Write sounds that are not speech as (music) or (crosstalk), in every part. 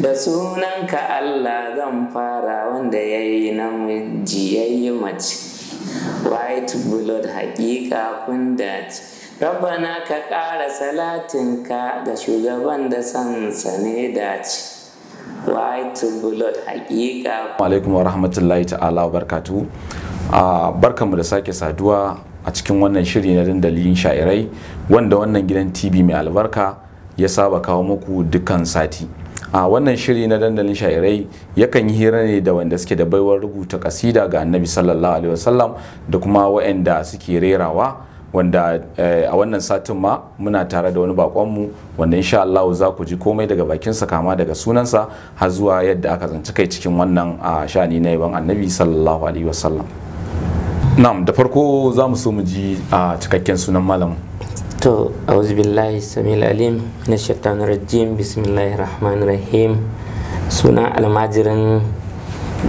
da sunanka Allah zan fara wanda ya yi namiji ya yi mace white blood hakika kun dace rabbana ka ƙara salatinka da shugaban da sansa ne dace white blood hakika alaikum wa rahmatullahi ta'ala wa barkatu ah, barkanmu da sake saduwa a cikin wannan shiri na dandalin sha'irai wanda wannan gidan tv mai albarka ya saba kawo muku dukkan sati a wannan shiri na dandalin shairai yakan yi hira ne da wanda suke da baiwar rubuta kasida ga annabi sallallahu alaihi wasallam da kuma waɗanda suke rerawa wanda eh, a wannan satin ma muna tare da wani bakonmu wanda insha Allah za ku ji komai daga bakinsa kama daga sunansa har zuwa yadda aka zanci kai cikin wannan shani na yaban annabi sallallahu alaihi wasallam na'am da farko za mu so mu ji a cikakken sunan malam to auzu billahi samil alim na shaitan rajim bismillahi rahman rahim suna almajirin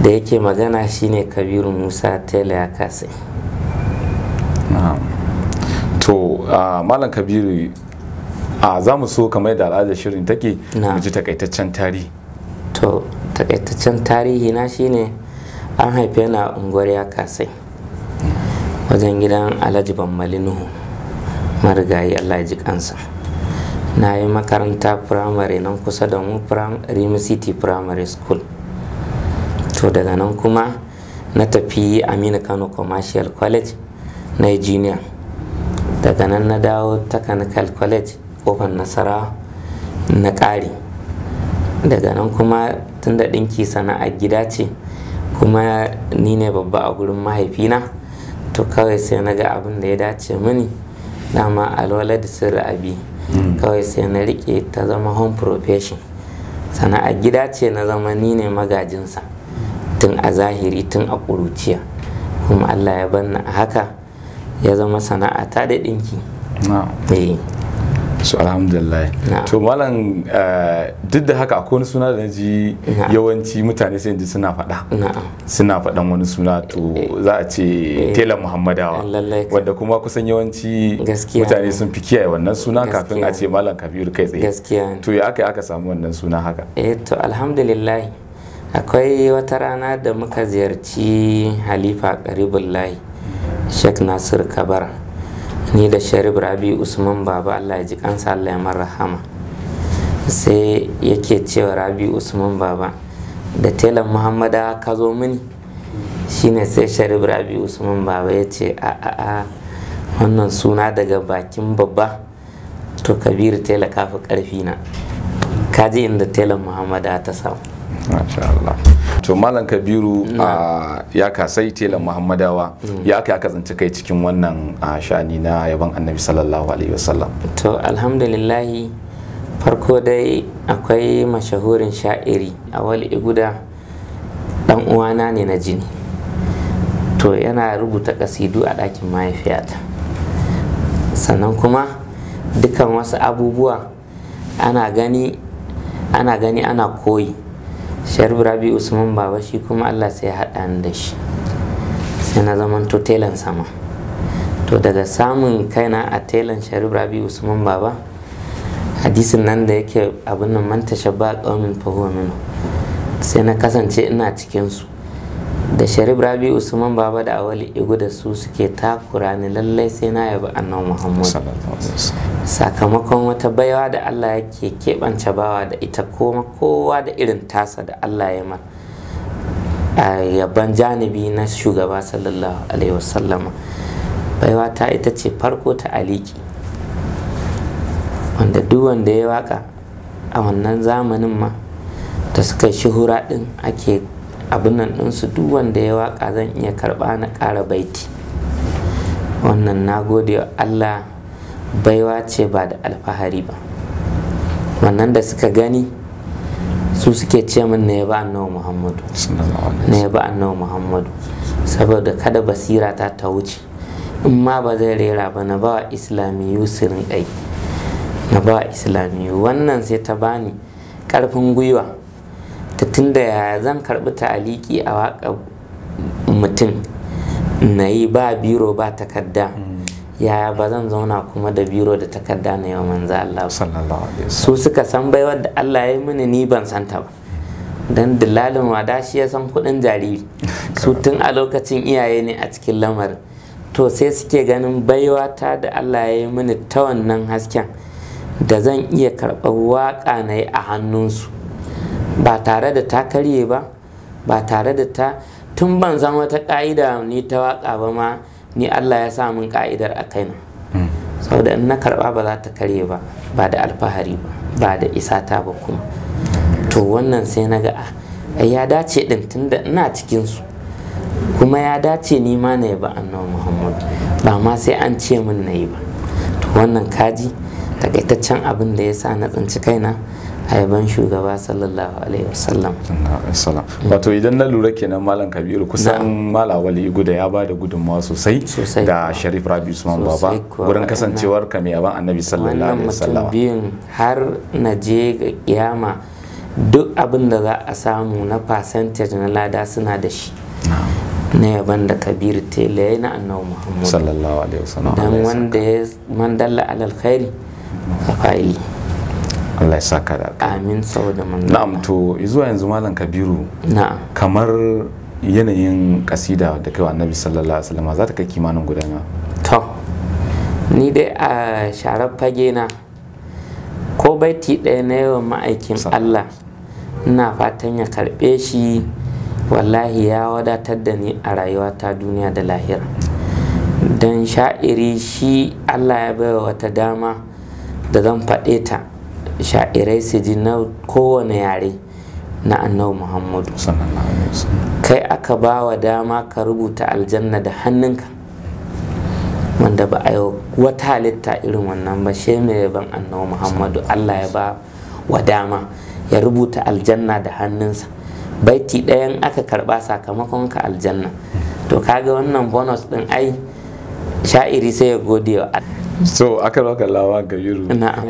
da yake magana shine kabiru musa tela kase to malam kabiru a zamu so kamar da al'adar shirin take mu ji takaitaccen tarihi to takaitaccen tarihi shine an haife na unguwar ya kasai wajen gidan alhaji bammali nuhu marigayi allah ji kansa na yi makaranta firamare nan kusa da mu rimi city primary school to daga nan kuma na tafi Amina kano commercial college na junior daga nan na dawo technical college kofar nasara na ƙari daga nan kuma tun tunda ɗinki sana'a gida ce kuma ni ne babba a gurin mahaifina to kawai sai na ga abin da ya dace mini dama da sirri abi hmm. kawai sai na rike ta zama home profession sana'a gida ce na zama ni ne magajinsa tun a zahiri tun a ƙuruciya kuma allah ya banna a haka ya zama sana'a ta da ɗinki eh. su alhamdulillah to malam eh, duk da haka akwai wani suna da ji yawanci mutane sai ji suna faɗa suna faɗan wani suna to eh. za a ce eh. telan muhammadawa wanda kuma kusan yawanci mutane sun fi kiyaye wannan suna kafin a ce malam kabiru kai tsaye to ya aka aka samu wannan suna haka eh to alhamdulillah akwai wata rana da muka ziyarci halifa karibullahi sheikh nasir kabara ni da sharif rabi usman baba allah ya ji kansa allah ya Hama sai yake cewa rabi usman baba da telan muhammada ka zo mini shine sai sharif rabi usman baba ya ce a a a wannan suna daga bakin babba to kabiru tela kafi karfi na kaji inda telan muhammada ta samu to malam kabiru ah, ya kasai telan muhammadawa mm. ya aka zance kai cikin wannan ah, shani na yaban annabi sallallahu alaihi wasallam to alhamdulillahi farko dai akwai mashahurin sha'iri awal iguda dan uwana ne na jini to yana rubuta kasidu a ɗakin mahaifiyata sannan kuma dukan wasu abubuwa ana gani ana gani ana koyi sharif rabi usman baba shi kuma allah sai haɗa ni da shi sai na zaman to telan sama to daga samun kaina a telan sharif rabi usman baba hadisin nan da yake abin nan manta shabba ƙaumin fahuwa fahimmanu sai na kasance ina cikinsu da sharif rabi usman baba da awali igu da su suke takura ni lallai sai na yabi annabi muhammad sakamakon wata baiwa da allah yake keɓance bawa da ita koma kowa da irin tasa da allah ya ma a yaban janibi na shugaba sallallahu alaihi wasallama baiwa ta ita ce farko ta aliki wanda duk wanda ya waka a wannan zamanin ma da suka shi shuhura ɗin ake abin nan ɗinsu duk wanda ya waka zan iya karɓa na ƙara baiti wannan na gode wa allah baiwa ce ba da alfahari ba wannan da suka gani su suke ce min na yaba annabi muhammadu na yaba annabi muhammadu saboda kada basira ta ta wuce in ma ba zai rera ba na ba islamiyu sirin kai na ba islamiyu wannan sai ta bani ƙarfin gwiwa ta tunda ya zan karɓi ta'aliki a waƙa mutum na yi ba biro ba takarda mm. ya ba zan zauna kuma da biro da takarda na yau manzo Allah su suka san baiwar da Allah ya mini ni ban santa ba dan dillalin wada shi ya san kuɗin jariri (laughs) su tun a lokacin iyaye ne a cikin lamarin to sai suke ganin baiwa ta da Allah ya yi mini ta wannan hasken da zan iya karɓar waƙa na yi a hannunsu ba tare da ta karye ba ba tare da ta tun ban zan wata ka'ida ni ta waka ba ma ni Allah ya sa min ka'idar a kaina hmm. da in na karba ba za ta karye ba ba da alfahari ba ba da isata ba kuma to wannan sai na ga ya dace din da ina cikin su kuma ya dace ni ma na ba annabi Muhammad ba ma sai an ce min na yi ba to wannan kaji takaitaccen abin da ya sa na tsinci kaina haiban shugaba sallallahu alaihi wasallam wato idan na lura kenan malam kabiru kusan mala wali guda ya bada gudunmawa sosai da sharif rabi usman baba gurin kasancewar ka mai aban annabi sallallahu alaihi wasallam wannan biyun har na je ga kiyama duk abin da za a samu na percentage na lada suna da shi na yaban da kabir tela na annabi muhammad sallallahu alaihi wasallam dan wanda ya mandalla alal khairi fa'ili Allah ya saka da amin saboda mun. na'am to zuwa yanzu malam kabiru na'am kamar yanayin kasida da kai annabi sallallahu alaihi wasallam za ta kai kimanin gudana to ni dai a sharar fage na ko baiti ɗaya na yawan ma'aikin Allah ina fatan ya karɓe shi wallahi ya wadatar da ni a rayuwa ta duniya da lahira don sha'iri shi Allah ya baiwa wata dama da zan faɗe ta sha'irai su ji na kowane yare na annabi muhammadu kai aka ba wa dama ka rubuta aljanna da hannunka wanda ba a yi wata halitta irin wannan ba shi mai ban annabi muhammadu allah ya ba wa dama ya rubuta aljanna da hannunsa baiti ɗayan aka karɓa sakamakon ka aljanna to kaga wannan bonus ɗin ai sha'iri sai ya gode wa so aka raka lawa gabiru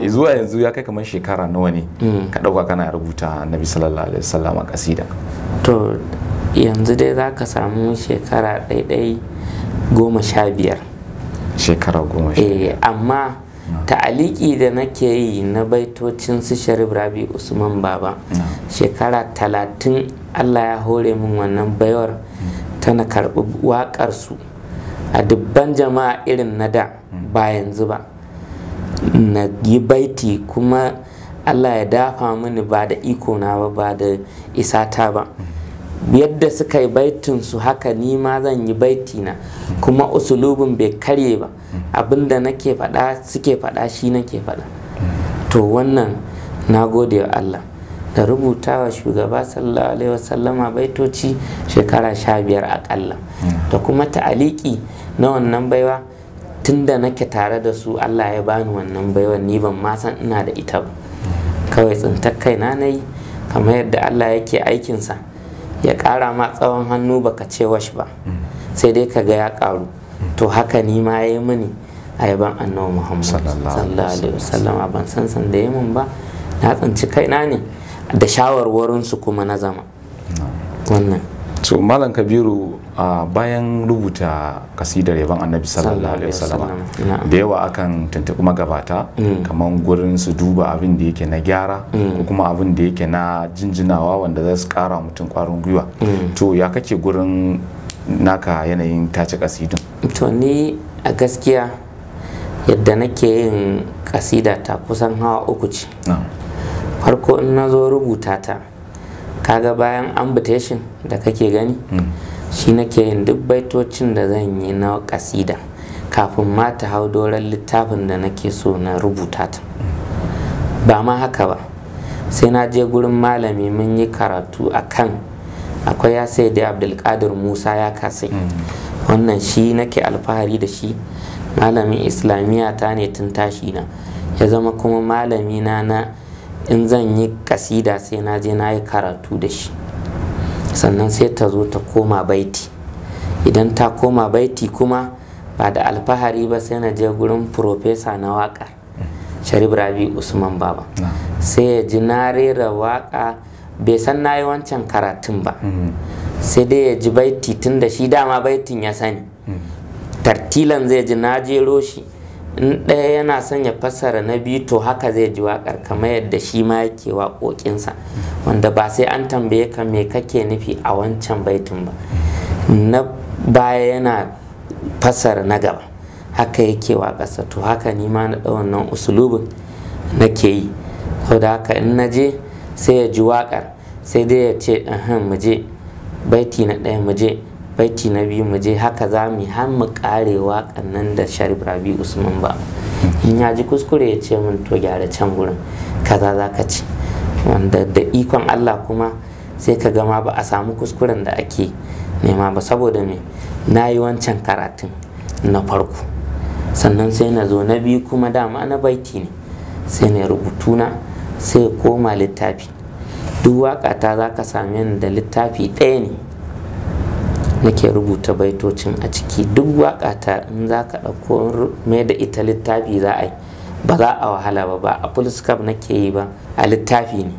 zuwa yanzu ya kai kamar shekara nawa ne mm. ka dauka kana rubuta annabi sallallahu alaihi wasallam a kasida to yanzu dai za ka samu shekara ɗaiɗai goma sha biyar shekara goma sha biyar eh, amma ta'aliki da nake yi na baitocin su sharif rabi usman baba shekara talatin allah ya hore min wannan baiwar mm. tana karɓi waƙarsu a dubban jama'a irin na da ba yanzu ba na yi baiti kuma allah ya dafa mini ba da iko na ba ba da isata ba yadda suka yi baitin su haka ni ma zan yi baiti na kuma usulubin bai karye ba abinda nake faɗa suke faɗa shi nake faɗa to wannan na gode wa allah da rubuta wa shugaba sallallahu alaihi wasallama baitoci shekara sha biyar akalla da kuma ta'aliki na wannan baiwa tun da nake tare da su Allah ya bani wannan baiwan ni ban ma san ina da ita ba kawai tsintar kaina na yi kamar yadda Allah yake aikinsa ya ƙara ma tsawon hannu baka ce wash ba mm. sai dai ka ga ya ƙaru mm. to haka ni ma ya yi mini a annabi Muhammad sallallahu alaihi wasallam ban san san da min ba na tsinci kaina ne da shawarwarinsu kuma na zama wannan to malam kabiru Uh, bayan rubuta kasidar yaban annabi sallallahu alaihi wasallam da yawa akan tuntuɓi magabata mm. kamar gurin su duba abin da yake na gyara mm. ko mm. kuma abin da yake na jinjinawa wanda za su kara mutum kwarin gwiwa mm. to ya kake gurin naka yanayin tace kasidun to ni a gaskiya yadda nake yin kasida ta kusan hawa uku ce farko in na zo rubuta ta kaga bayan ambitation da kake gani mm. shi nake yin duk baitocin da zan yi na kasida kafin ma ta hau doron littafin da nake so na rubuta ta ba ma haka ba sai na je gurin malami mun yi karatu akan, akwai ya sai da abdulkadir musa ya kasai hmm. wannan shi nake alfahari da shi malamin islamiya ta ne tun tashi na ya zama kuma malami na na in zan yi kasida sai na je na yi karatu da shi sannan sai ta zo ta koma baiti idan ta koma baiti kuma ba da alfahari ba sai na je gurin profesa na waka sharif rabi usman baba sai ya ji na rera waka bai san na yi wancan karatun ba mm-hmm. sai dai ya ji baiti tun da shi dama baitin ya sani mm-hmm. tartilan zai ji na jero shi in ɗaya yana son ya fassara na biyu to haka zai ji waƙar kamar yadda shi ma yake waƙoƙinsa wanda ba sai an tambaye ka me kake nufi a wancan baitin ba na baya yana fassara na gaba haka yake waƙarsa to haka ni ma na ɗau wannan usulubin ke yi saboda haka in na je sai ya ji waƙar sai dai ya ce mu je baiti na ɗaya mu je baiti na biyu mu je haka za mu har mu kare waƙan nan da sharif rabi usman ba in ya ji kuskure ya ce mun to gyara can gurin kaza za ka ci wanda da ikon allah kuma sai ka gama ba a samu kuskuren da ake nema ba saboda me na yi wancan karatun na farko sannan sai na zo na biyu kuma dama na baiti ne sai na rubutu na sai koma littafi duk waƙa ta za ka same ni da littafi ɗaya ne nake rubuta baitocin a ciki duk waƙata in za ka ɗauko mai da ita littafi za a yi ba za a wahala ba ba a fullscap nake yi ba a littafi ne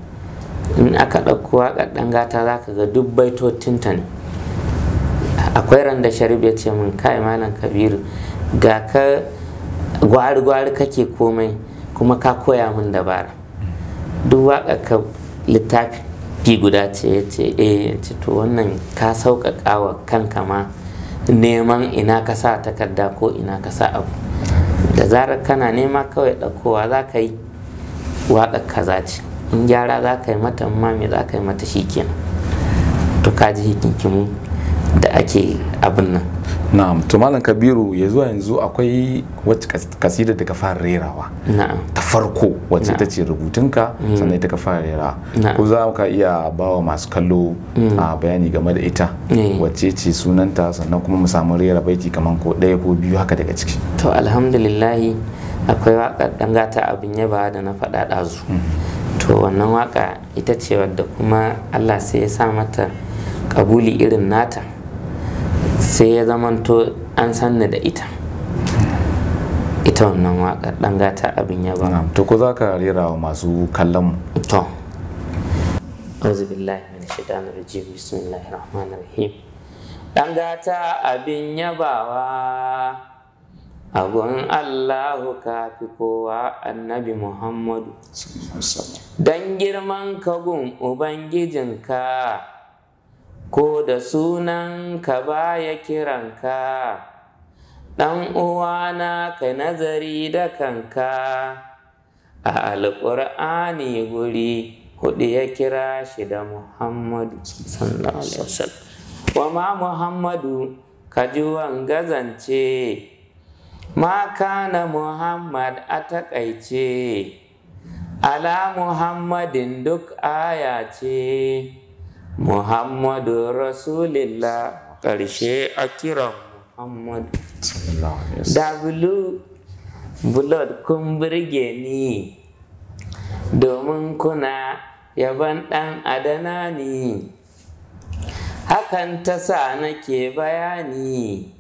in aka ɗauko waƙar ɗan gata za ka ga duk baitocin ta ne akwai randa sharib sharif ya ce min kai malam kabiru ga ka gwari-gwari kake komai kuma ka koya mun dabara duk waƙa ka littafi jiki guda ce ya ce eh ce to wannan ka sauƙaƙa wa kanka ma neman ina ka sa takarda ko ina ka sa abu da zarar kana nema kawai ɗaukowa za ka yi waɗa kaza ce in gyara za ka yi mata ma me za ka yi mata shi kenan to ka ji hikinkimu da ake abin nan na'am to malam kabiru ya zuwa yanzu akwai wacce kasida da ka fara rerawa ta farko wacce ta ce rubutunka mm. sannan ita ka fara rerawa ko za ka iya bawa masu kallo mm. a bayani game da ita eh. wacce ce sunanta sannan kuma mu samu rera baiti kamar ko ɗaya ko biyu haka daga ciki to alhamdulillahi akwai dan dangata abin yaba da na faɗa ɗazu mm. to wannan waka ita ce wadda kuma allah sai ya sa mata kabuli irin nata sai ya zamanto an sanna da ita ita wannan waƙar ɗan gata abin ya ba to ko za ka rera wa masu kallon mu to auzu billahi min shaitanir rajim bismillahir rahmanir rahim ɗan gata abin ya bawa. abun allahu kafi kowa annabi muhammadu dan girman kagun ubangijinka ko da sunan sunanka baya kiranka ɗan uwana ka nazari da kanka a alƙur'ani guri hudu ya kira shi da muhammadu wa ma muhammadu ka ji gazance ma kana muhammad a taƙaice ala muhammadin duk aya ce Muhammadu Rasulillah ƙarshe a kiran Muhammad Da bulu, kun birge ni, domin kuna yaban ɗan adana ni. Hakan ta sa nake bayani.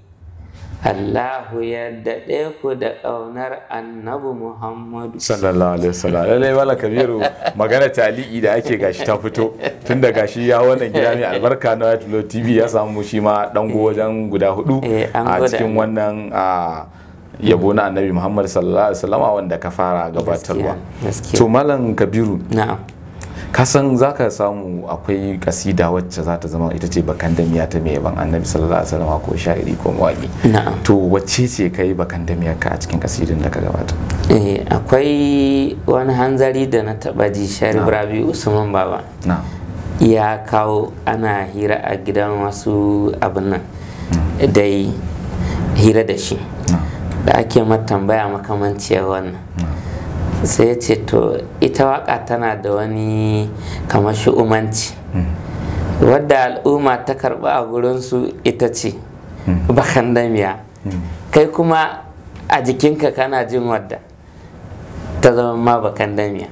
Allahu ya daɗe ku da ƙaunar annabi Muhammadu. Sallallahu Alaihi Wasallam. Lallai wala kabiru magana tali'i da ake gashi ta fito tun da gashi ya wannan gida mai albarka na TV ya samu shi ma ɗango wajen guda hudu eh, a cikin wannan yabo na annabi Muhammadu Sallallahu Alaihi Wasallama wanda ka fara gabatarwa. To Malam Kabiru. kasan za ka samu akwai kasida wacce za ta zama ita ce bakan damiya ta mai ban annabi sallallahu alaihi wasallam ko sha'iri ko mawaki to wacce ce kai bakan ka a cikin kasidin da ka gabata eh akwai wani hanzari da na taba ji sharif rabi usman baba ya kawo ana hira a gidan wasu abin nan dai hira da shi da ake tambaya makamanciyar wannan sai ya ce to ita waka tana da wani kamar shu'umanci hmm. wadda al'umma ta karɓa a gurinsu ita ce hmm. bakan damiya hmm. kai kuma a jikinka kana jin wadda ta zama ma bakan damiya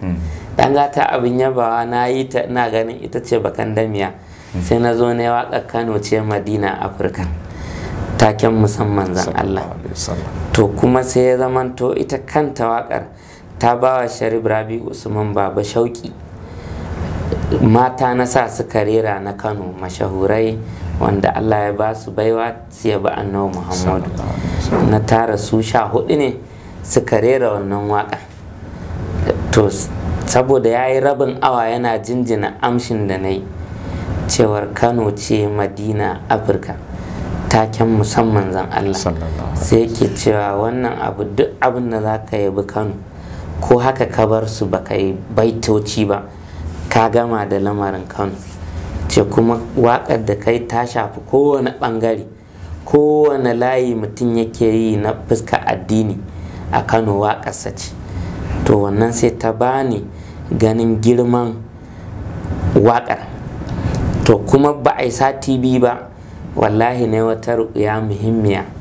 dan gata abin yabawa na yi ta na ganin ita ce bakan damiya sai na zo ne waka kano ce madina afirka taken musamman zan allah to kuma sai ya zamanto ita kanta waƙar ta ba wa sharif rabi usman baba shauki mata na sa suka rera na kano mashahurai wanda allah ya ba su baiwa su ya ba annabi muhammadu na tara su sha hudu ne suka rera wannan waka to saboda ya yi rabin awa yana jinjina amshin da na yi cewar kano ce madina afirka taken musamman zan allah sai ke cewa wannan abu duk abin da za ka yabi kano ko haka ka bar su ba yi baitoci ba ka gama da lamarin kano ce kuma waƙar da kai ta shafi kowane ɓangare kowane layi mutum yake yi na fuska addini a kano waƙarsa ce to wannan sai ta bani ganin girman waƙar to kuma ba a yi sati biyu ba wallahi ne wata ruƙuya muhimmiya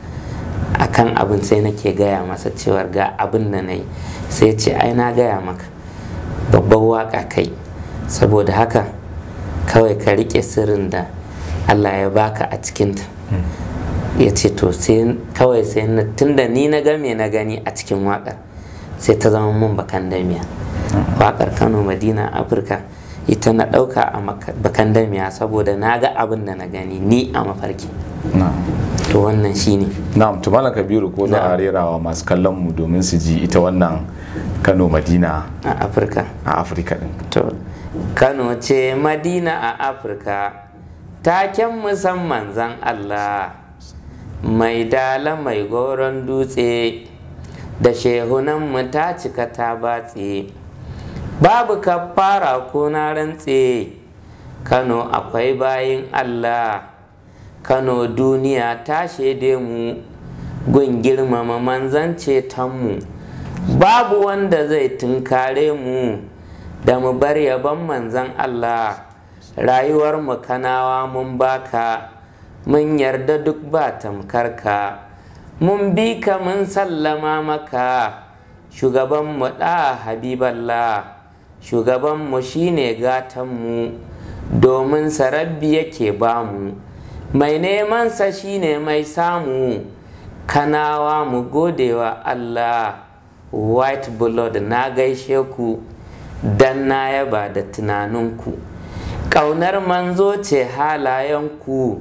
akan abin sai nake gaya masa cewar ga abin da na yi sai ce ai na gaya maka babban waka kai saboda haka kawai ka rike sirrin da allah ya baka a cikinta hmm. ya ce to kawai sai na tunda ni na game na gani a cikin wakar sai ta zama mun bakan damiya hmm. wakar kano madina afirka ita na ɗauka a bakan damiya saboda na ga abin da na gani ni a mafarki to wannan shine na'am to malam kabiru ko za a rerawa masu kallon mu domin su ji ita wannan kano madina a afirka a afirka din to kano ce madina a afirka taken musamman zan allah mai dala mai goron dutse da shehunan mu ta cika ta batse babu kafara ko na rantse kano akwai bayin allah kano duniya ta shaide mu gun girmama manzan mu babu wanda zai tunkare mu da mu bar yaban manzan allah rayuwar mu kanawa mun baka mun yarda duk ba tamkarka mun bi ka mun sallama maka shugabanmu ɗa habiballah shugabanmu shine gatanmu domin sarabbi yake bamu mai nemansa shine mai samu kanawa mu godewa allah white blood na gaishe ku dan na yaba da tunaninku ƙaunar manzo ce halayenku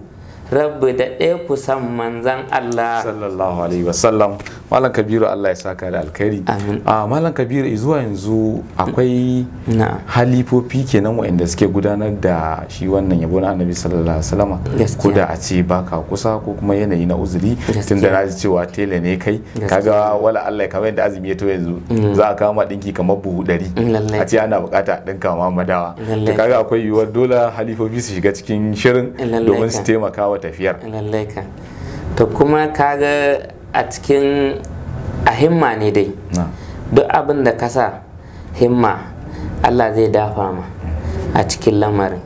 rabu da ɗaya ku san manzan allah sallallahu alaihi wasallam malam kabiru allah ya saka da alkhairi a ah, malam kabiru zuwa yanzu akwai halifofi kenan waanda suke gudanar da shi wannan yabo na annabi sallallahu alaihi ko da a ce baka kusa ko kuma yanayi na uzuri tun da na ji cewa tela ne kai kaga wala allah kamar yadda azumi ya to yanzu mm. za a kama dinki kamar buhu ɗari mm, a ce ana bukata dinka ma madawa to kaga akwai yiwuwar dole halifofi su shiga cikin shirin domin su taimaka wa tafiyar to kuma kaga a cikin a himma ne dai duk abin da kasa himma allah zai dafa ma a cikin lamarin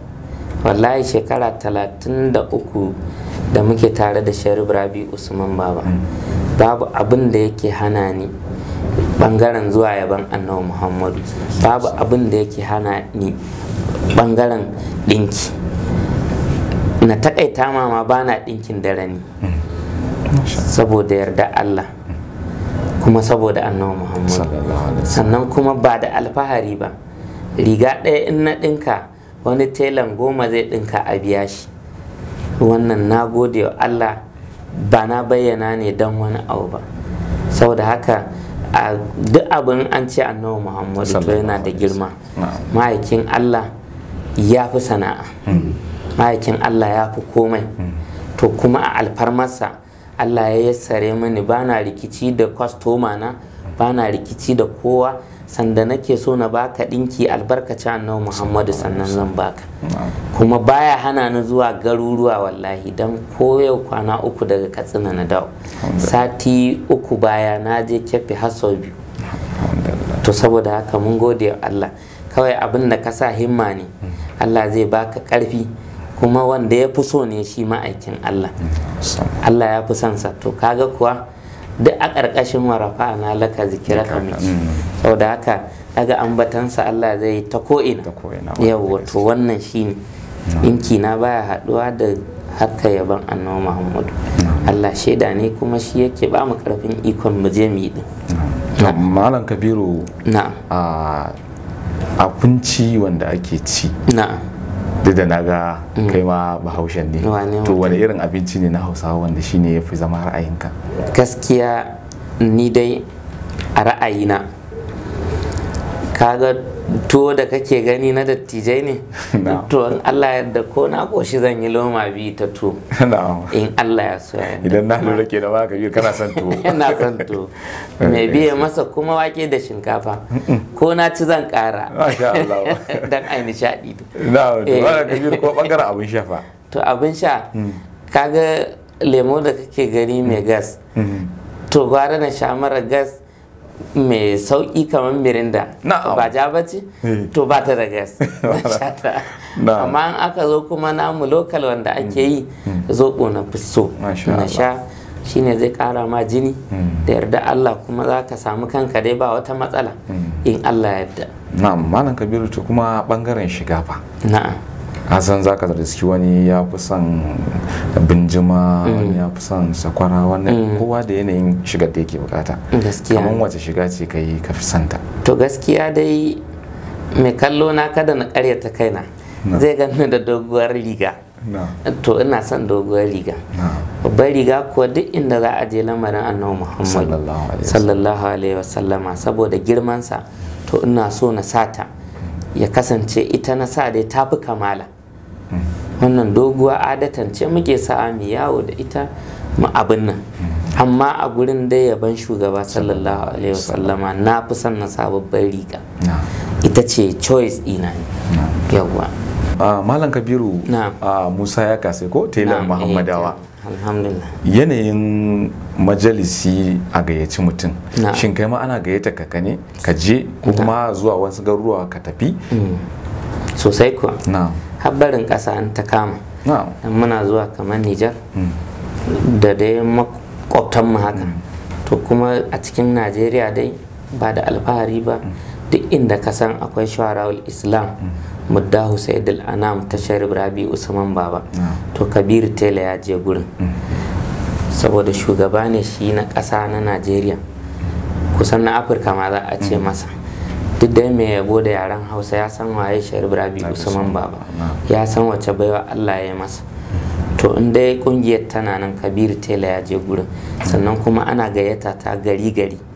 wallahi shekara talatin da da muke tare da sharif rabi usman baba hmm. babu abin da yake hana ni bangaren zuwa yaban annabi muhammadu babu abin da yake hana ni bangaren dinki na takaita ma bana ɗinkin dinkin dare ne saboda yarda Allah kuma saboda annabi Muhammad sannan kuma ba da alfahari ba riga ɗaya in na ɗinka wani telan goma zai ɗinka a biya shi wannan na gode wa Allah ba na bayyana ne don wani abu ba saboda haka a duk abin an ce annabi muhammadu to yana da girma ma'aikin allah ya fi sana'a hmm. ma'aikin allah ya fi komai hmm. to kuma a alfarmarsa Allah ya yassare mani bana rikici da kwastoma na bana rikici da kowa sanda nake so na baka ɗinki albarkaci annabi muhammadu sannan zan baka kuma baya hana ni zuwa garuruwa wallahi dan ko kwana uku daga katsina na dawo sati uku baya na je kefi haso biyu to saboda haka mun gode allah kawai abin da ka sa himma ne mm. allah zai baka ƙarfi kuma wanda ya fi so ne shi ma'aikin Allah Allah ya fi son sa to kaga kuwa duk a ƙarƙashin warafa na laka zikira Sau da haka daga ambatansa Allah zai ta ko'ina Yau to wannan shi ne. inki na baya haɗuwa da haka yaban annawa Muhammadu Allah shaida ne kuma shi yake ba mu ƙarfin ikon mu je mu yi din malam kabiru na abinci wanda ake ci na'am duk da ga mm. kai ma bahaushen ne to wani irin abinci ne na hausawa wanda shine ya fi zama ra'ayinka gaskiya ni dai a ra'ayina kaga tuwo da kake gani na dattijai ne to in Allah yadda ko na koshi zan yi loma bi ta tuwo in Allah ya so yadda idan na lura ke da waka biyu kana san tuwo yana son tuwo (laughs) mai eh. biye masa kuma wake da shinkafa ko na ci zan kara (laughs) dan ai nishadi na'am to eh. wala kabir ko bangaren abin sha fa to abin sha mm. kaga lemo da kake gani mai mm. gas mm-hmm. to gwara na sha mara gas mai sauki kamar mirinda ba ja ba ce eh. to ba ta da gas (laughs) amma an aka zo kuma namu lokal wanda ake yi mm. Mm. zoɓo na fiso na sha shine zai kara ma jini mm. da yarda Allah kuma za ka samu kanka dai ba wata matsala in Allah yarda na'am malam kabiru to kuma bangaren shiga fa na'am san za ka riski wani ya fi son binjima mm. wani ya fi son sakwara wannan mm. kowa da yanayin shigar da yake bukata kamar wace shiga ce ka yi ka fi santa to gaskiya dai mai kallo na kada na karyata kaina zai gani da doguwar riga to ina son doguwar riga babbar riga kuwa duk inda za a je lamarin annabi muhammad sallallahu alaihi wasallama saboda girmansa to ina so na sata ya kasance ita na sa dai ta fi kamala wannan doguwa adatan ce muke sa'a mu yawo da ita mu abin nan amma a gurin dai yaban shugaba sallallahu alaihi wasallama na fi son na sababbin riga ita ce choice ina yawwa ah, malam kabiru ah, musa ya kase ko taylor eh, muhammadawa yanayin majalisi a gayyaci mutum shin kai ma ana gayyata ka ne ka je ko kuma zuwa wasu garuruwa ka tafi mm. sosai kuwa habbarin ƙasa an ta kama muna zuwa kamar nijar mm. da dai makwabtanmu haka mm. to kuma a cikin najeriya dai ba da alfahari ba duk inda ka san akwai shawarar islam muddahu sayyid anam ta sharif rabi usman baba ah. to kabir tela ya je gurin mm. saboda shugaba ne shi na ƙasa na najeriya kusan na afirka ma za a ce mm. masa duk da mai yabo da yaren hausa ya san waye sharif rabi usman baba ah. ya san wace baiwa allah ya yi masa to in dai kungiyar tana nan kabir tela ya je gurin sannan kuma ana gayyata ta gari gari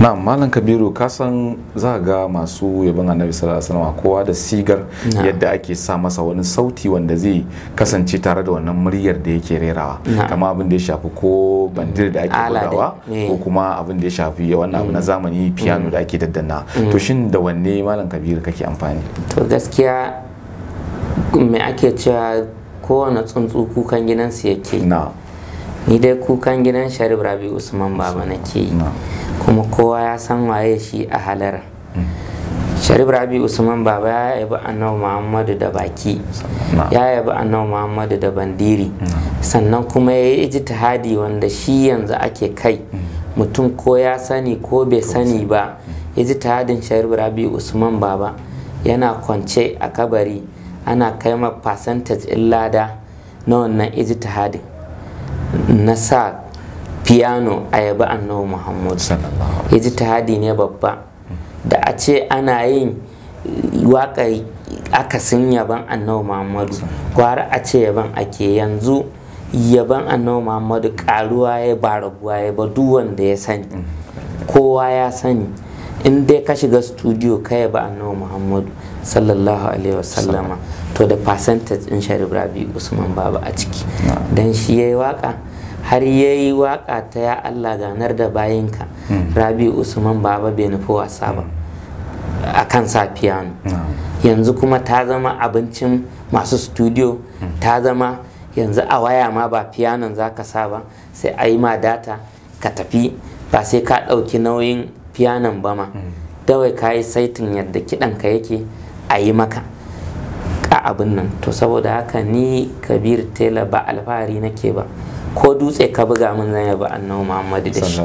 na malam kabiru kasan za ga masu yabon annabi sallallahu alaihi wasallam kowa da sigar yadda ake sa masa wani sauti wanda zai kasance tare da wannan muryar da yake rerawa kama abin da ya shafi ko bandir da ake gudawa eh. ko kuma abin da ya shafi wannan abu na mm. zamani piano mm. da ake daddana mm. to shin da wanne malam kabiru kake amfani to gaskiya me ake cewa kowane tsuntsu kukan gidansu yake ni dai kukan gidan sharif rabi usman baba nake yi kuma kowa ya san waye shi a halar mm. sharif rabi usman baba ya yabi annabi muhammadu da baki ya yabi annabi muhammadu da bandiri sannan kuma ya yi ijtihadi wanda shi yanzu ake kai mm. mutum ko ya sani ko bai sani ba mm. ijtihadin sharif rabi usman baba yana kwance a kabari ana kai ma percentage in na wannan ijtihadin na sa piano a yaba annabi muhammadu ya ji ta hadi ne babba da a ce ana yin waƙar akasin yaban annabi muhammadu gwara a ce yaban ake yanzu yaban annabi muhammadu karuwa ya ba rabuwa ya ba duk wanda ya sani mm. kowa ya sani in dai ka shiga studio ka yaba annabi muhammadu sallallahu alaihi wasallama to da percentage in rabi usman babu a ciki dan shi yayi waka har yayi waka ta ya Allah ganar da bayinka hmm. rabi usman baba bai nufi wasa ba hmm. a kan sa piano yanzu kuma ta zama abincin masu studio hmm. ta zama yanzu a waya ma ba 'Piano' za ka sa ba sai a yi ma data ka tafi ba sai ka ɗauki nauyin 'Piano' ba ma dawai ka yi saitin yadda kiɗanka yake a yi maka a abin nan to saboda haka ni kabir tela ba alfahari nake ba ko dutse ka buga min zan yaba annabi muhammadu da shi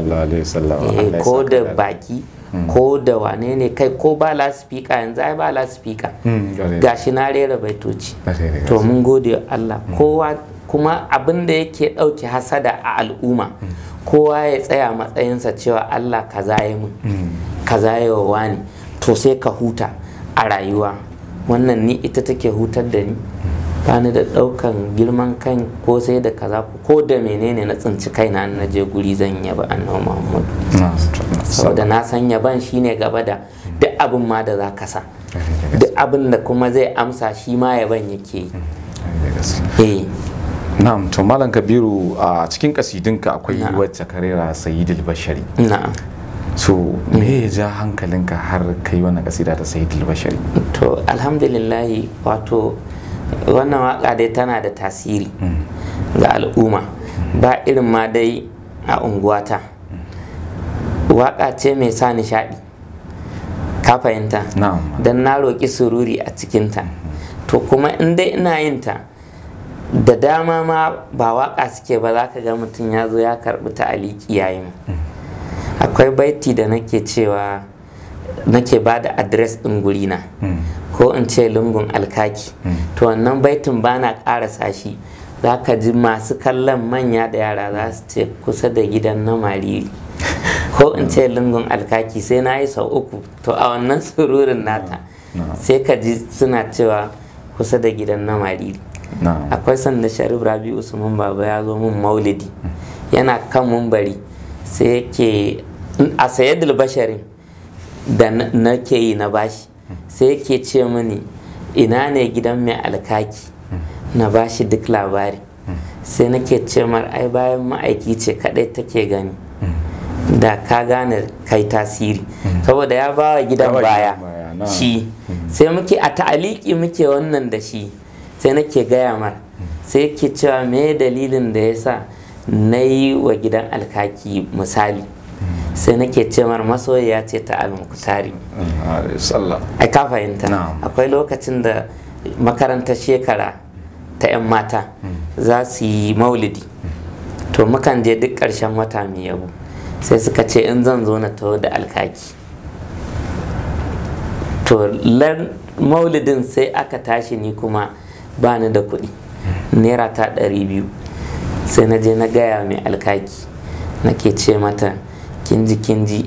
eh, ko da baki hmm. ko da wane ne kai ko ba speaker yanzu ai ba speaker hmm, gashi na rera baitoci to mun gode Allah hmm. kowa kuma abin da yake ɗauke hasada a al'umma kowa ya tsaya matsayinsa cewa Allah kaza ya mun kaza wa wani to sai ka huta a rayuwa wannan ni ita take hutar da ni bani da ɗaukan girman kan ko sai da kaza ko da menene na tsinci kaina na je guri zan yaba annabi muhammadu saboda na san yaban shine gaba da duk abin ma da za ka sa duk abin da kuma zai amsa shi ma yaban yake yi eh. na'am to malam kabiru a cikin kasidinka akwai wacce karera sayyidul bashari na'am so me ya ja hankalinka har kai wannan kasida ta sahidul bashari to alhamdulillah wato wannan waka dai tana da tasiri mm. ga al'umma ba irin ma dai a unguwata waka ce mai sa nishaɗi ka fahimta don na roƙi sururi a cikinta to kuma in dai ina yin ta da dama ma ba waka suke ba za ka ga mutum ya zo ya karɓi ta aliki yayin akwai baiti da nake cewa nake ba da adres ɗin gurina hmm. ko in ce lungun alkaki hmm. to wannan baitin ba na ƙarasa shi za ka ji masu kallon manya da yara za su ce kusa da gidan na mariri (laughs) ko in ce lungun alkaki sai na yi sau uku to a wannan sururin nata sai ka ji suna cewa kusa da gidan na mariri akwai sanda sharif rabi usman baba ya zo min maulidi hmm. yana kan mumbari sai yake a sayyadul basharin da nake yi na bashi sai yake ce mani, ina ne gidan mai alkaki na bashi duk labari sai nake ce mar ai bayan ma'aiki ce kadai take gani da ka gane kai tasiri saboda ya bawa gidan baya shi sai muke a ta'aliki muke wannan da shi sai nake gaya mar sai ke cewa me dalilin da ya sa na yi wa gidan alkaki misali sai nake cewar masoyiya ce ta al-muktari ai ka fahimta akwai lokacin da makarantar shekara ta 'yan mata hmm. za su yi maulidi hmm. to mukan je duk ƙarshen wata mai yabo sai suka ce in zan zo na taho da alkaki to maulidin sai aka tashi ni kuma ba ni da kuɗi hmm. naira ta ɗari biyu sai na je na gaya mai alkaki nake ce mata kinji kinji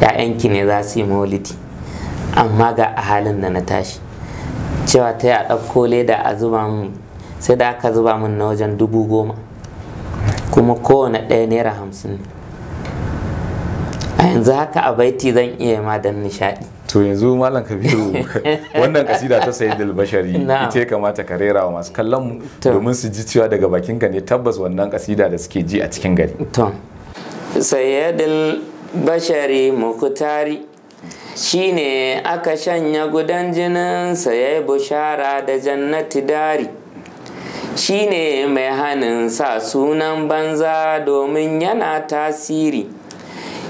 yanki ne za su yi maulidi amma ga a halin da na tashi cewa ta yi a ɗauko leda a zuba mun sai da aka zuba mun na wajen dubu goma kuma kowane ɗaya naira hamsin ne a yanzu haka a baiti zan iya ma dan nishaɗi to yanzu malam kabiru (laughs) wannan kasida ta sayi bashari ita ya kamata ka rera wa masu kallon mu domin su ji cewa daga bakinka ne tabbas wannan kasida da suke ji a cikin gari sayyadil bashari mukutari shine aka shanya gudan jinin ya yi bushara da jannati dari shine mai hannun sa sunan banza domin yana tasiri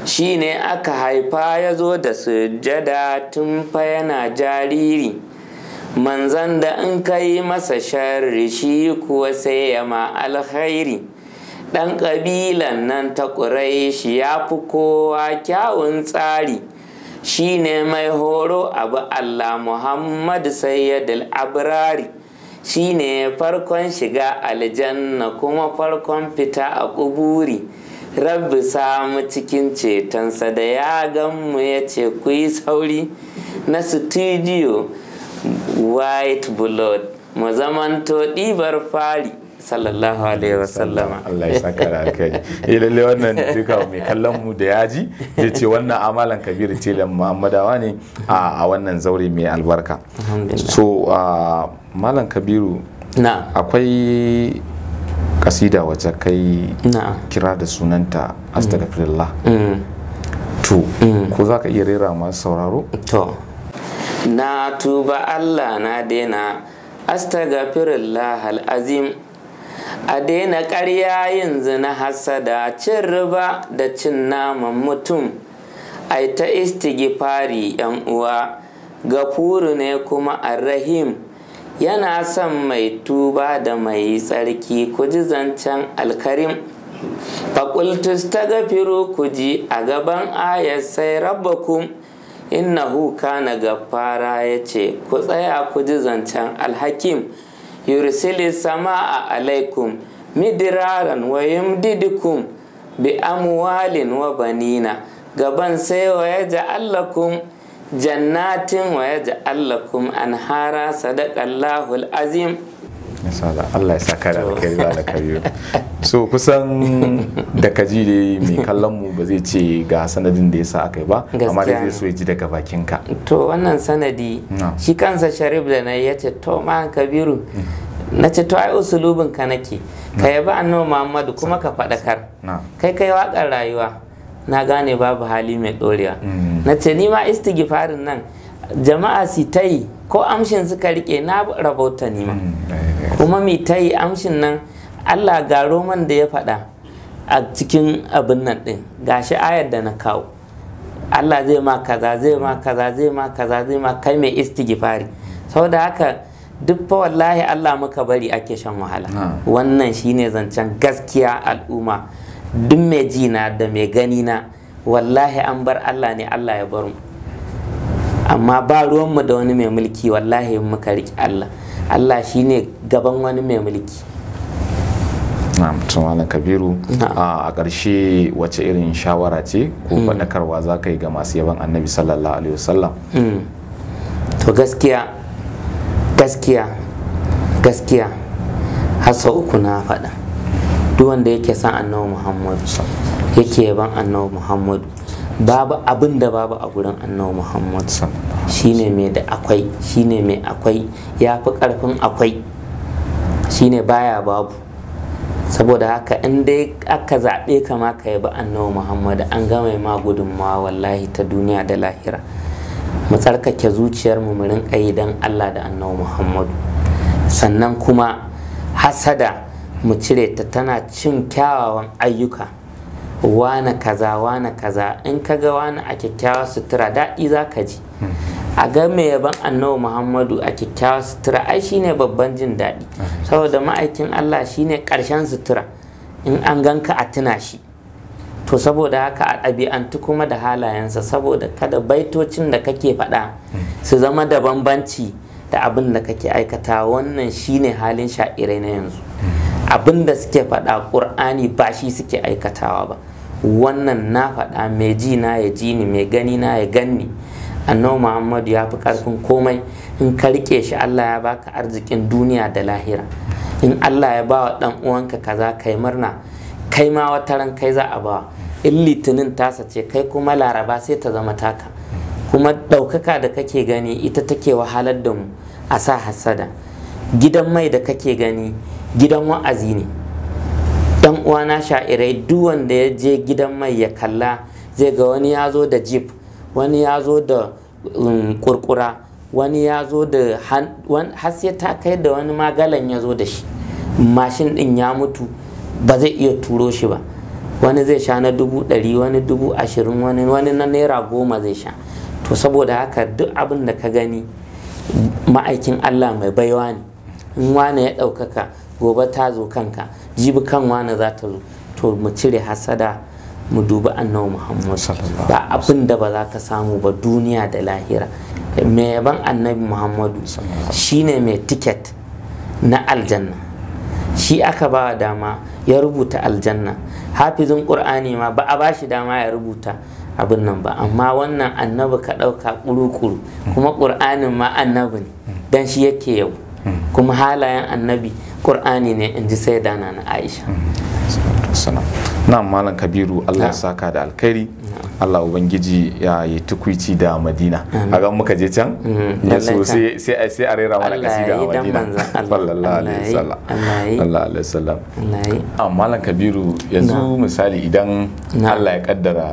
shine aka haifa ya zo da sujjada tun fa yana jariri manzan da in ka masa sharri shi kuwa sai ya ma alkhairi ɗan ƙabilan nan ta ƙuraishi ya fi kowa kyawun tsari shi ne mai horo abu Allah Muhammad Sayyidul Abrari shi ne farkon shiga aljanna kuma farkon fita a ƙuburi rabbi samu cikin cetonsa da ya ganmu ya ce ku yi sauri na studio white blood mu zamanto ɗibar fari sallallahu alaihi sallama. Allah ya saka da alkhairi eh lalle wannan duka mai kallon mu da yaji zai ce wannan amalan kabir ce da Muhammadawa ne a wannan zaure mai albarka so malam kabiru na akwai kasida wacce kai kira da sunanta mm. astagfirullah mm. to mm. ko za ka iya rera masu sauraro to na tuba Allah na daina astagfirullah al'azim a daina ƙarya yin zina hasada cin riba da cin naman mutum a ta istigifari yan uwa gafuru ne kuma arrahim yana son mai tuba da mai tsarki ku ji zancen alkarim fakultus ta gafiro ku ji a gaban ayar sai rabbakum innahu kana gafara ya ce ku tsaya ku ji zancen alhakim yursili samaa alaikum midiraran wa yumdidukum bi amwalin wa banina gaban sai wa ya ja'allakum jannatin wa ya ja'allakum anhara sadaqallahu azim Allah ya sa ka da alkhairi da alkhairi so kusan da ka ji mai kallon mu ba zai ce ga sanadin da ya sa aka yi ba amma dai zai so ya ji daga bakin ka to wannan sanadi shi kansa sharif da na ya ce to ma kabiru na ce to ai usulubin ka nake ka yabi annabi muhammadu kuma ka faɗakar kai kai waƙar rayuwa na gane babu hali mai ɗorewa mm. na ce ni ma istigifarin nan jama'a su ta yi ko amshin suka rike na rabauta ni ma mm, eh. kuma mi ta yi amshin nan allah ga roman da ya faɗa a cikin abin nan ɗin gashi ayar da na kawo allah zai ma kaza zai ma kaza zai ma kaza zai ma kai mai istighfari saboda haka duk fa wallahi allah muka bari ake shan wahala wannan shine zancen gaskiya al'umma duk mai jina da mai gani na wallahi an bar allah ne allah ya bar mu amma ba ruwanmu da wani mai mulki wallahi muka riƙe allah Allah shi ne gaban wani mai mulki na'am tumalan kabiru a ƙarshe wace irin shawara ce ko hmm. faɗakarwa za ka yi ga masu yaban annabi sallallahu alaihi wasallam hmm. to gaskiya gaskiya gaskiya hasa uku na faɗa duk wanda yake san annabi muhammadu yake yaban annabi muhammadu babu abin da babu a gurin annabi muhammad shine mai da akwai shine mai akwai ya fi karfin akwai shine baya babu saboda haka in dai aka zaɓe kama ka ma ka yabi muhammadu muhammad an gama ma gudunmawa wallahi ta duniya da lahira mu tsarkake zuciyar mu mu rinka yi dan allah da annabi muhammad sannan kuma hasada mu cire ta tana cin kyawawan ayyuka wana kaza wana kaza in ka ga wani a kyakkyawar sutura daɗi za ka ji mhm. a ga mai yaban annabi muhammadu a kyakkyawar sutura ai shi ne babban jin daɗi mhm. saboda ma'aikin allah shi ne ƙarshen sutura in an ganka a tuna shi to saboda haka a ɗabi'antu kuma da halayensa saboda kada baitocin da kake faɗa mhm. su zama da bambanci da abin da kake aikata wannan shine halin sha'irai na yanzu abin da suke faɗa ƙur'ani ba shi suke aikatawa ba wannan na faɗa mai ji na ya ji ni mai gani na ya ganni annabi muhammadu ya fi ƙarfin komai in ka riƙe shi allah ya baka arzikin duniya da lahira in allah ya ba wa ɗan uwanka kaza kai murna kai ma wata ran kai za a ba in litinin tasa ce kai kuma laraba sai ta zama taka kuma ɗaukaka da kake gani ita take wahalar da mu a sa hassada. gidan mai da kake gani gidan wa'azi ne dan uwana sha'irai duk wanda ya je gidan mai ya kalla zai ga wani ya zo da jeep wani ya zo da um, kurkura wani ya zo da har sai ta kai da wani magalan ya zo da shi mashin ɗin ya mutu ba zai iya turo shi ba wani zai sha na dubu ɗari wani dubu ashirin wani wani na naira goma zai sha to saboda haka duk abin da ka gani ma'aikin allah mai baiwa ne in wane ya ɗaukaka gobe ta zo kanka jibi kan wani za ta zo to mu cire hasada mu dubi annabi muhammad ba abin da ba za ka samu ba duniya da lahira mai yaban annabi muhammadu shine mai tiket na aljanna shi aka ba dama ya rubuta aljanna hafizin ƙur'ani ma ba a ba shi dama ya rubuta abin nan ba amma wannan annabi ka ɗauka kuru kuma ƙur'anin ma annabi ne hmm. don shi yake yau hmm. kuma halayen annabi ƙur'ani ne in ji sai dana na aisha mhm. Na malam kabiru allah ya saka da alkhairi allah ubangiji ya yi tukwici da madina a ga muka je can mhm. ya so sai a rera mana kasi da madina sallallahu alaihi wasallam allah ya yi. amma malam kabiru yanzu misali idan allah ya kaddara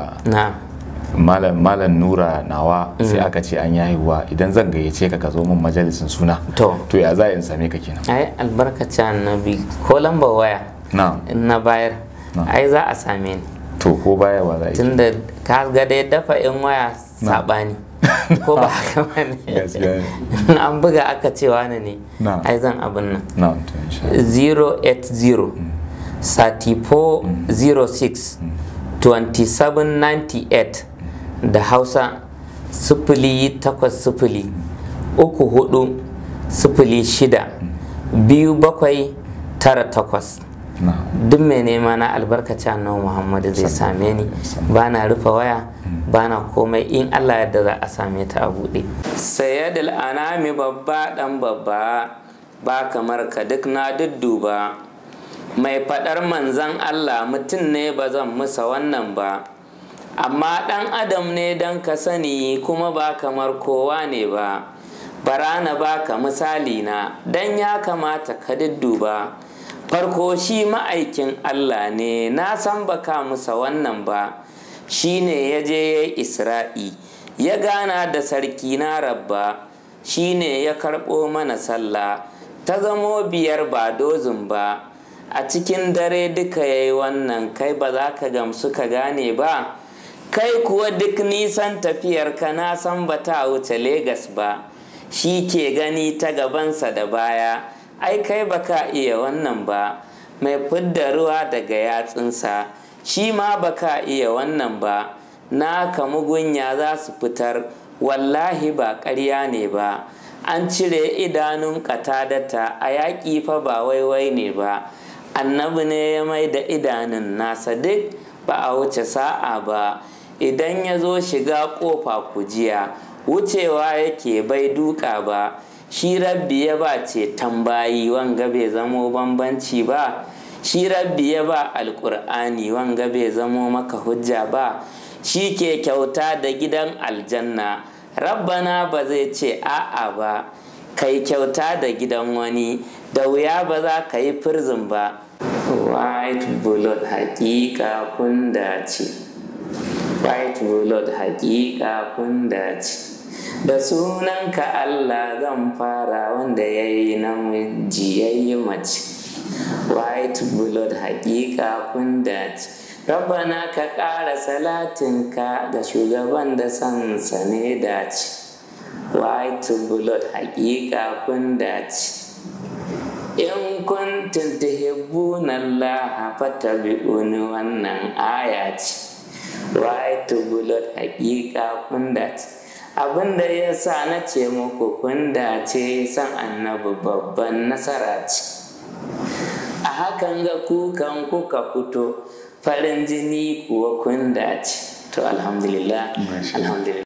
malam malam nura nawa mm. sai aka ce an yi haihuwa idan zan gayyace ka ka zo min majalisin suna to to ya za in same ka kenan ai albarkaci annabi ko lamba waya na na bayar ai za a same ni to ko baya wa za a tunda ka ga da dafa in waya sabani (laughs) ko ba haka ba ne an (laughs) buga aka ce wani ne ai zan abin nan 080 3406 2798 da hausa sifili takwas sifili uku hudu sifili shida biyu bakwai tara takwas duk mai nema na albarkaci nan muhammadu zai same ni ba na rufe waya mm. ba na komai in allah yadda za a same ta a buɗe sayyadul anami babba ɗan babba ba kamar ka duk na dudduba mai faɗar manzan allah mutum ne ba zan musa wannan ba amma ɗan adam ne don ka sani kuma ba kamar kowa ne ba bara na baka misali na don ya kamata ka dudduba farko shi ma'aikin allah ne na san baka musa wannan ba shi ne ya je ya isra'i ya gana da sarki na rabba shi ne ya karɓo mana sallah ta zamo biyar ba dozin ba a cikin dare duka ya yi wannan kai ba za ka gamsu ka gane ba kai kuwa duk nisan tafiyar ka na san ba ta wuce Legas ba shi ke gani ta gabansa da baya ai kai baka iya wannan ba mai fidda ruwa daga yatsunsa shi ma baka iya wannan ba na naka mugunya za su fitar wallahi ba ƙarya ne ba an cire idanun katadata a yaƙi fa ba waiwai ne ba annabi ne ya mai da idanun nasa duk ba a wuce sa'a ba idan ya zo shiga ƙofa kujiya wucewa yake bai duka ba shi rabbi ya ba ce tambayi wanga bai zamo bambanci ba shi rabbi ya ba alƙur'ani wanga bai zamo maka hujja ba shi ke kyauta da gidan aljanna rabbana ba zai ce a'a ba kai kyauta da gidan wani da wuya ba za ka yi firzin ba white bullet hakika kun dace Baitu Lord hakika kun dace. Da sunanka Allah zan fara wanda ya yi namiji ya yi mace. White Lord hakika kun dace. Rabbana ka ƙara salatinka ga shugaban da sansa ne dace. White Lord hakika kun dace. in kuntum tuhibbuna Allah fattabi'uni wannan aya ce right to bullet haƙiƙa kun dace abin da ya sa na ce muku kun dace san annabi babban nasara ce a hakan ga kukan kuka fito farin jini kuwa kun dace to alhamdulillah alhamdulillah